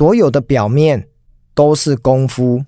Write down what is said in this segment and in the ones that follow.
所有的表面，都是功夫。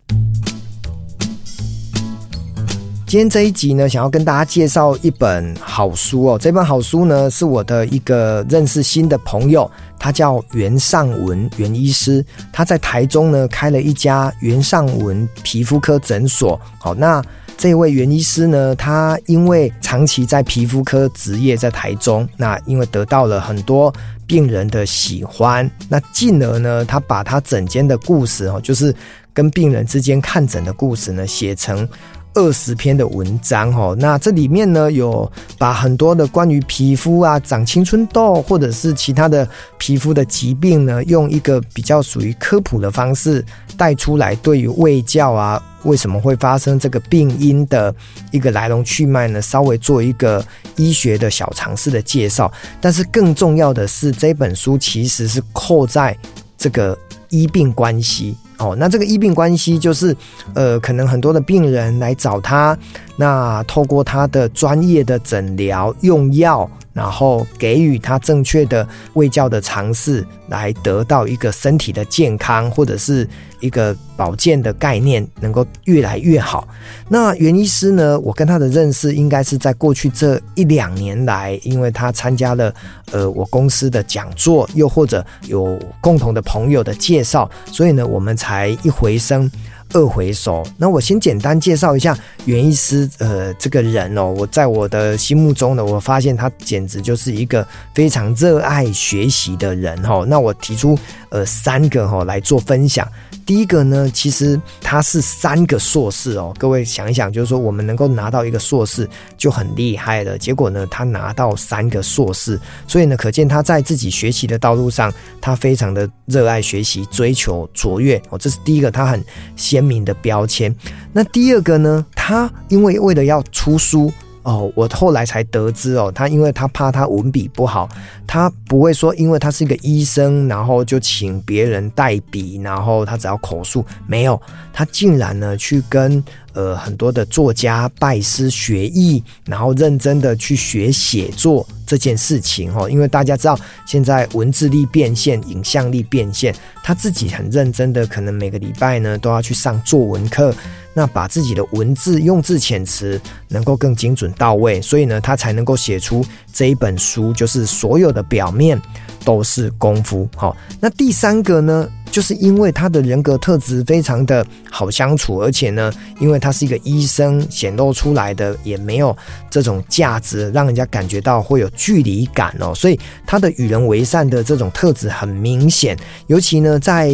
今天這一集呢，想要跟大家介紹一本好書哦。這本好書呢，是我的一個認識新的朋友，他叫袁上雯，袁醫師，他在台中呢開了一家袁上雯皮膚科診所。好，那。這位袁醫師呢，他因為長期在皮膚科執業在台中，那因為得到了很多病人的喜歡，那進而呢，他把他診間的故事哦，就是跟病人之間看診的故事呢，寫成二十篇的文章哦。那這裡面呢，有把很多的關於皮膚啊、長青春痘或者是其他的皮膚的疾病呢，用一個比較屬於科普的方式帶出來，對於衛教啊。為什麼會發生這個病因的一個來龍去脈呢？稍微做一個醫學的小常識的介紹，但是更重要的是，這本書其實是扣在這個醫病關係。那這個醫病關係就是，呃，可能很多的病人來找他，那透過他的專業的診療、用藥，然後給予他正確的衛教的嘗試，來得到一個身體的健康，或者是一個保健的概念，能夠越來越好。那袁醫師呢，我跟他的認識應該是在過去這一兩年來，因為他參加了呃我公司的講座，又或者有共同的朋友的介紹，所以呢，我們才。還一回生，二回熟。那我先簡單介紹一下袁醫師，呃，這個人哦，我在我的心目中呢，我發現他簡直就是一個非常熱愛學習的人哦，那我提出。呃，三個哈、哦、來做分享。第一個呢，其實他是三個碩士哦。各位想一想，就是說我們能夠拿到一個碩士就很厲害了。結果呢，他拿到三個碩士，所以呢，可見他在自己學習的道路上，他非常的熱愛學習，追求卓越哦。這是第一個，他很鮮明的標籤。那第二個呢，他因為為了要出書。哦，我後來才得知哦，他因為他怕他文筆不好，他不會說，因為他是一個醫生，然後就請別人代筆，然後他只要口述，沒有，他竟然呢去跟呃很多的作家拜師學藝，然後認真的去學寫作這件事情哦，因為大家知道現在文字力變現，影像力變現，他自己很認真的，可能每個禮拜呢都要去上作文課。那把自己的文字用字遣詞能夠更精準到位，所以呢，他才能夠寫出這一本書，就是所有的表面都是功夫。好，那第三個呢？就是因為他的人格特質非常的好相處，而且呢，因為他是一個醫生顯露出來的，也沒有這種架子，讓人家感覺到會有距離感哦。所以他的與人為善的這種特質很明顯，尤其呢，在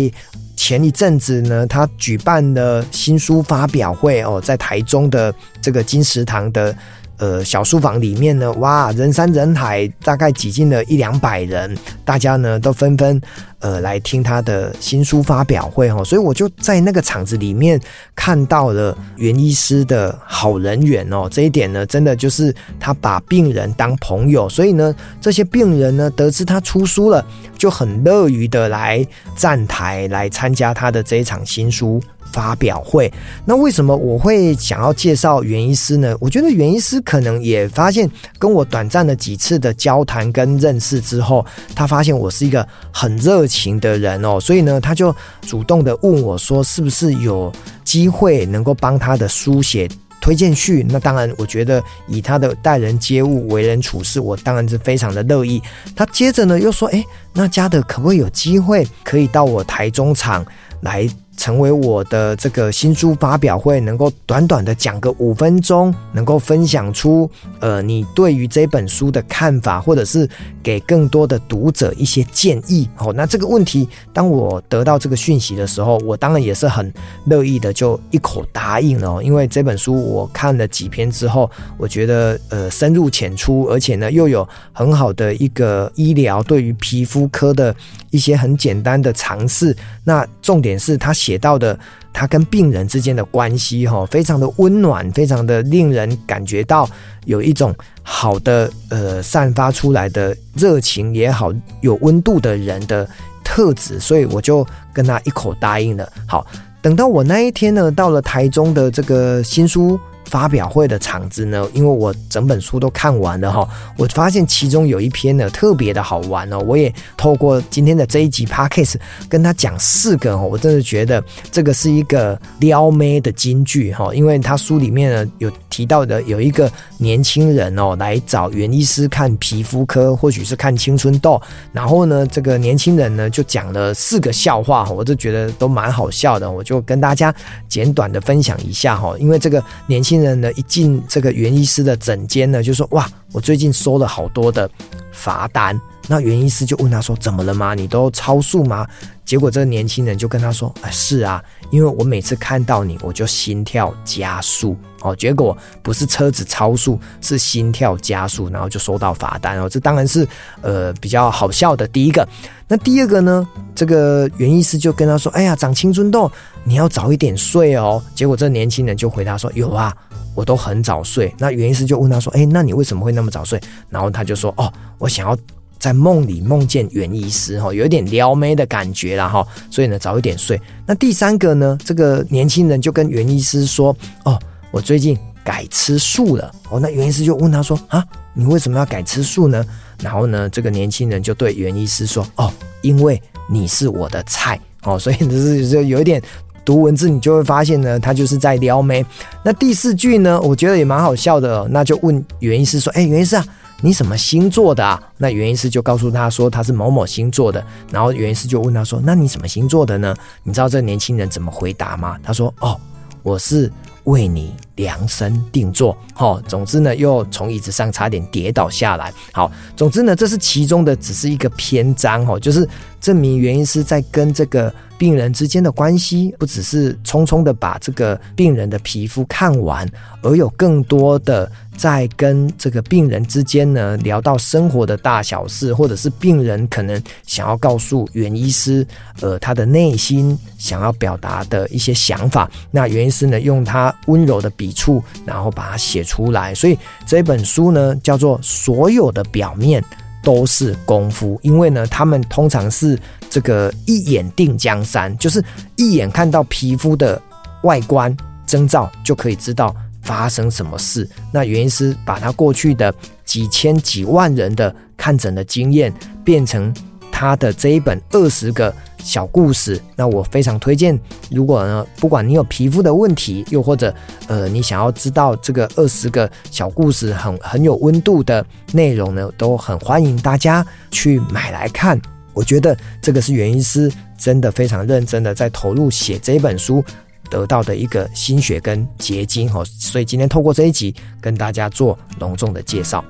前一陣子呢，他舉辦了新書發表會哦，在台中的這個金石堂的呃小書房裡面呢，哇，人山人海，大概擠進了一兩百人，大家呢都紛紛。呃，來聽他的新書發表會哦，所以我就在那個場子裡面看到了袁醫師的好人緣哦。這一點呢，真的就是他把病人當朋友，所以呢，這些病人呢，得知他出書了，就很樂於的來站台來參加他的這一場新書發表會。那為什麼我會想要介紹袁醫師呢？我覺得袁醫師可能也發現，跟我短暫的幾次的交談跟認識之後，他發現我是一個很熱。情的人哦，所以呢，他就主動的問我說：“是不是有機會能夠幫他的書寫推薦序？”那當然，我覺得以他的待人接物、為人處事，我當然是非常的樂意。他接着呢又說：“誒、欸，那加德可不可以有機會可以到我台中場來？”成為我的這個新書發表會，能夠短短的講個五分鐘，能夠分享出呃你對於這本書的看法，或者是給更多的讀者一些建議哦。那這個問題，當我得到這個訊息的時候，我當然也是很樂意的，就一口答應了哦。因為這本書我看了幾篇之後，我覺得呃深入淺出，而且呢又有很好的一個醫療對於皮膚科的一些很簡單的常識。那重點是它寫。寫到的他跟病人之間的關係，哈，非常的溫暖，非常的令人感覺到有一種好的，呃，散發出來的熱情也好，有溫度的人的特質，所以我就跟他一口答應了。好，等到我那一天呢，到了台中的這個新書。發表會的場子呢，因為我整本書都看完了哈，我發現其中有一篇呢特別的好玩哦。我也透過今天的這一集 Podcast 跟他講四個，我真的覺得這個是一個撩妹的金句哈。因為他書裡面呢有提到的有一個年輕人哦，來找袁醫師看皮膚科，或許是看青春痘。然後呢，這個年輕人呢就講了四個笑話，我就覺得都蠻好笑的，我就跟大家簡短的分享一下哈。因為這個年輕。人呢，一進這個袁醫師的診間呢，就說哇，我最近收了好多的罰單。那袁醫師就問他說：“怎麼了嗎？你都超速嗎？”結果這個年輕人就跟他說：“啊、哎，是啊，因為我每次看到你，我就心跳加速哦。結果不是車子超速，是心跳加速，然後就收到罰單哦。這當然是呃比較好笑的第一個。那第二個呢？這個袁醫師就跟他說：“哎呀，長青春痘，你要早一點睡哦。”結果這年輕人就回答說：“有啊。”我都很早睡。那袁醫師就問他說：“誒、欸，那你為什麼會那麼早睡？”然後他就說：“哦，我想要在夢裡夢見袁醫師，哦，有一點撩妹的感覺了，哈，所以呢早一點睡。”那第三個呢，這個年輕人就跟袁醫師說：“哦，我最近改吃素了。”哦，那袁醫師就問他說：“啊，你為什麼要改吃素呢？”然後呢，這個年輕人就對袁醫師說：“哦，因為你是我的菜，哦，所以就是就有一點。”讀文字，你就會發現呢，他就是在撩妹。那第四句呢，我覺得也蠻好笑的。那就問袁醫師說，哎、欸，袁醫師啊，你什麼星座的啊？那袁醫師就告訴他說他是某某星座的。然後袁醫師就問他說，那你什麼星座的呢？你知道這年輕人怎麼回答嗎？他說，哦，我是。為你量身定做，哈、哦，總之呢，又從椅子上差點跌倒下來。好，總之呢，這是其中的只是一個篇章，哈、哦，就是證明袁醫師在跟這個病人之間的關係，不只是匆匆的把這個病人的皮膚看完，而有更多的在跟這個病人之間呢聊到生活的大小事，或者是病人可能想要告訴袁醫師，呃，他的內心想要表達的一些想法。那袁醫師呢，用他。溫柔的筆觸，然後把它寫出來。所以這本書呢，叫做《所有的表面都是功夫》，因為呢，他們通常是這個一眼定江山，就是一眼看到皮膚的外觀徵兆就可以知道發生什麼事。那原因是把他過去的幾千幾萬人的看診的經驗變成。他的這一本二十個小故事，那我非常推薦。如果呢，不管你有皮膚的問題，又或者呃，你想要知道這個二十個小故事很很有溫度的內容呢，都很歡迎大家去買來看。我覺得這個是袁醫師真的非常認真的在投入寫這本書得到的一個心血跟結晶哦。所以今天透過這一集跟大家做隆重的介紹。